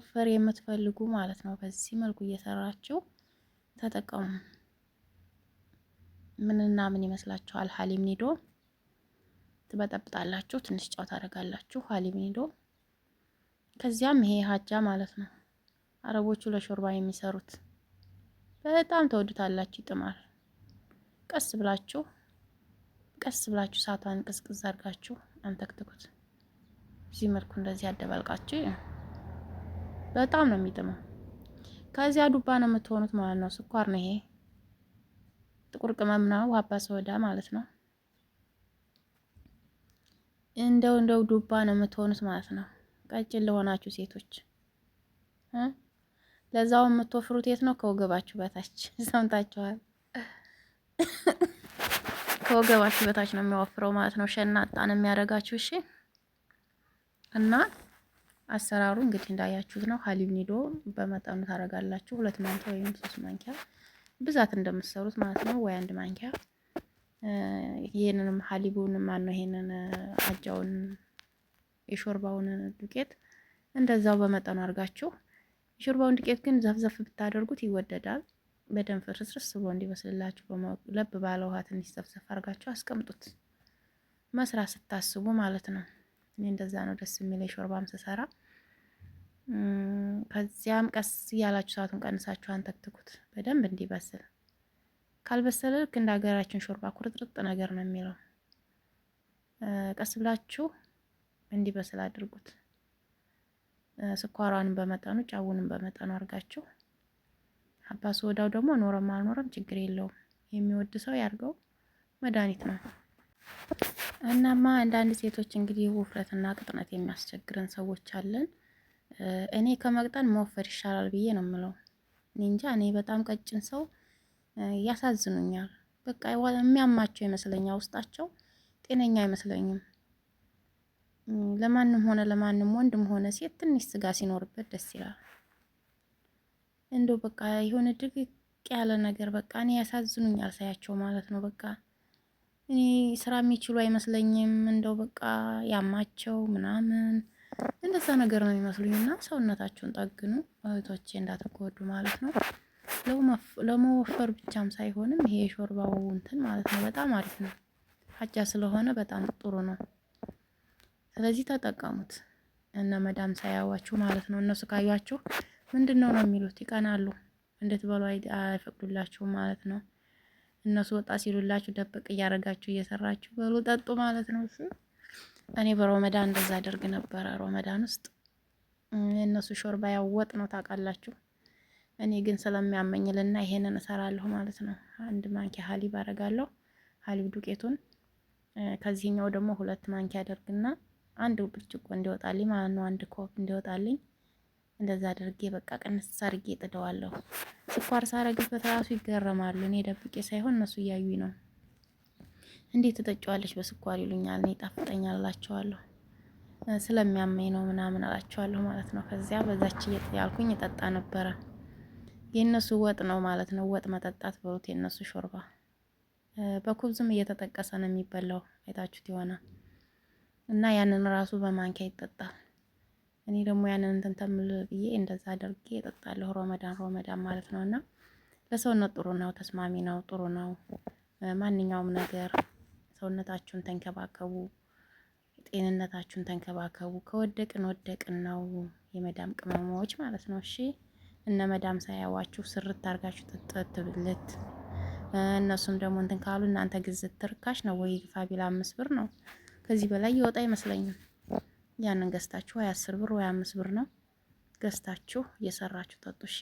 ማሳፈር የምትፈልጉ ማለት ነው። በዚህ መልኩ እየሰራችሁ ተጠቀሙ። ምንና ምን ይመስላችኋል? ሀሊም ኒዶ ትበጠብጣላችሁ፣ ትንሽ ጨው ታደርጋላችሁ። ሀሊም ኒዶ ከዚያም ይሄ ሀጃ ማለት ነው። አረቦቹ ለሾርባ የሚሰሩት በጣም ተወዱታላችሁ። ይጥማል። ቀስ ብላችሁ ቀስ ብላችሁ ሳቷን ቅዝቅዝ አድርጋችሁ አንተክትኩት። እዚህ መልኩ እንደዚህ አደባልቃችሁ በጣም ነው የሚጥመው። ከዚያ ዱባ ነው የምትሆኑት ማለት ነው። ስኳር ነው ይሄ፣ ጥቁር ቅመም ነው፣ ሀባ ሶዳ ማለት ነው። እንደው እንደው ዱባ ነው የምትሆኑት ማለት ነው። ቀጭን ለሆናችሁ ሴቶች ለዛው የምትወፍሩት የት ነው? ከወገባችሁ በታች ሰምታችኋል። ከወገባችሁ በታች ነው የሚወፍረው ማለት ነው። ሸናጣን የሚያደርጋችሁ እሺ እና አሰራሩ እንግዲህ እንዳያችሁት ነው። ሀሊብ ኒዶ በመጠኑ ታደርጋላችሁ። ሁለት ማንኪያ ወይም ሶስት ማንኪያ ብዛት እንደምትሰሩት ማለት ነው፣ ወይ አንድ ማንኪያ ይሄንንም ሀሊቡን ማን ነው ይሄንን አጃውን የሾርባውን ዱቄት እንደዛው በመጠኑ አድርጋችሁ የሾርባውን ዱቄት ግን ዘፍዘፍ ብታደርጉት ይወደዳል። በደንብ ፍርስርስ ብሎ እንዲበስልላችሁ ለብ ባለ ውሃት እንዲዘፍዘፍ አድርጋችሁ አስቀምጡት። መስራት ስታስቡ ማለት ነው። እኔ እንደዛ ነው ደስ የሚል የሾርባም ስሰራ። ከዚያም ቀስ እያላችሁ ሰዓቱን ቀንሳችሁ አንተክትኩት በደንብ እንዲበስል። ካልበሰለ ልክ እንደ ሀገራችን ሾርባ ኩርጥርጥ ነገር ነው የሚለው። ቀስ ብላችሁ እንዲበስል አድርጉት። ስኳሯንም በመጠኑ ጫውንም በመጠኑ አድርጋችሁ አባ ወዳው ደግሞ ኖረም አልኖረም ችግር የለውም። የሚወድ ሰው ያርገው መድኃኒት ነው። እናማ አንዳንድ ሴቶች እንግዲህ ውፍረትና ቅጥነት የሚያስቸግረን ሰዎች አለን። እኔ ከመቅጠን መወፈር ይሻላል ብዬ ነው የምለው። እንጃ እኔ በጣም ቀጭን ሰው ያሳዝኑኛል። በቃ የሚያማቸው ይመስለኛል፣ ውስጣቸው ጤነኛ አይመስለኝም። ለማንም ሆነ ለማንም ወንድም ሆነ ሴት ትንሽ ስጋ ሲኖርበት ደስ ይላል። እንዶ በቃ የሆነ ድግቅ ያለ ነገር በቃ እኔ ያሳዝኑኛል ሳያቸው ማለት ነው በቃ እኔ ስራ የሚችሉ አይመስለኝም። እንደው በቃ ያማቸው ምናምን እንደዛ ነገር ነው የሚመስሉኝ። እና ሰውነታችሁን ጠግኑ እህቶቼ፣ እንዳትጎዱ ማለት ነው። ለመወፈር ብቻም ሳይሆንም ይሄ የሾርባው እንትን ማለት ነው በጣም አሪፍ ነው። ሀጃ ስለሆነ በጣም ጥሩ ነው። ስለዚህ ተጠቀሙት እነ መዳም ሳያዋችሁ ማለት ነው። እነሱ ካያችሁ ምንድን ነው ነው የሚሉት ይቀናሉ። እንድትበሉ አይፈቅዱላችሁም ማለት ነው። እነሱ ወጣ ሲሉላችሁ ደብቅ እያደረጋችሁ እየሰራችሁ በሉ ጠጡ ማለት ነው። እኔ በሮመዳን እንደዛ አደርግ ነበረ። ሮመዳን ውስጥ እነሱ ሾርባ ያወጥ ነው ታውቃላችሁ። እኔ ግን ስለሚያመኝልና ይሄንን እሰራለሁ ማለት ነው። አንድ ማንኪያ ሀሊብ አደርጋለሁ። ሀሊብ ዱቄቱን ከዚህኛው ደግሞ ሁለት ማንኪያ አደርግና አንድ ብርጭቆ እንዲወጣልኝ ማለት ነው። አንድ ኮፕ እንዲወጣልኝ እንደዛ አድርጌ በቃ ቅንስ አድርጌ ጥደዋለሁ። ስኳር ሳረግበት ራሱ ይገረማሉ። እኔ ደብቄ ሳይሆን እነሱ እያዩኝ ነው። እንዴት ትጠጫዋለች በስኳር ይሉኛል። እኔ ጣፍጠኛል ላቸዋለሁ። ስለሚያመኝ ነው ምናምን አላቸዋለሁ ማለት ነው። ከዚያ በዛች ያልኩኝ እጠጣ ነበረ። የእነሱ ወጥ ነው ማለት ነው። ወጥ መጠጣት በሉት፣ የእነሱ ሾርባ በኩብዝም እየተጠቀሰ ነው የሚበላው። አይታችሁት የሆነ እና ያንን ራሱ በማንኪያ ይጠጣል። እኔ ደግሞ ያንን እንትን ተምል ብዬ እንደዛ አድርጌ እጠጣለሁ። ሮመዳን ሮመዳን ማለት ነው እና ለሰውነት ጥሩ ነው፣ ተስማሚ ነው፣ ጥሩ ነው። ማንኛውም ነገር ሰውነታችሁን ተንከባከቡ፣ ጤንነታችሁን ተንከባከቡ። ከወደቅን ወደቅን ነው የመዳም ቅመሞች ማለት ነው። እሺ እነ መዳም ሳያዋችሁ ስርት አርጋችሁ ጥጥት ብልት እነሱም ደግሞ እንትን ካሉ እናንተ ግዝት ትርካሽ ነው ወይ ፋቢላ አምስት ብር ነው። ከዚህ በላይ ይወጣ አይመስለኝም። ያንን ገዝታችሁ ወይ አስር ብር ወይ አምስት ብር ነው ገዝታችሁ እየሰራችሁ ጠጡ። እሺ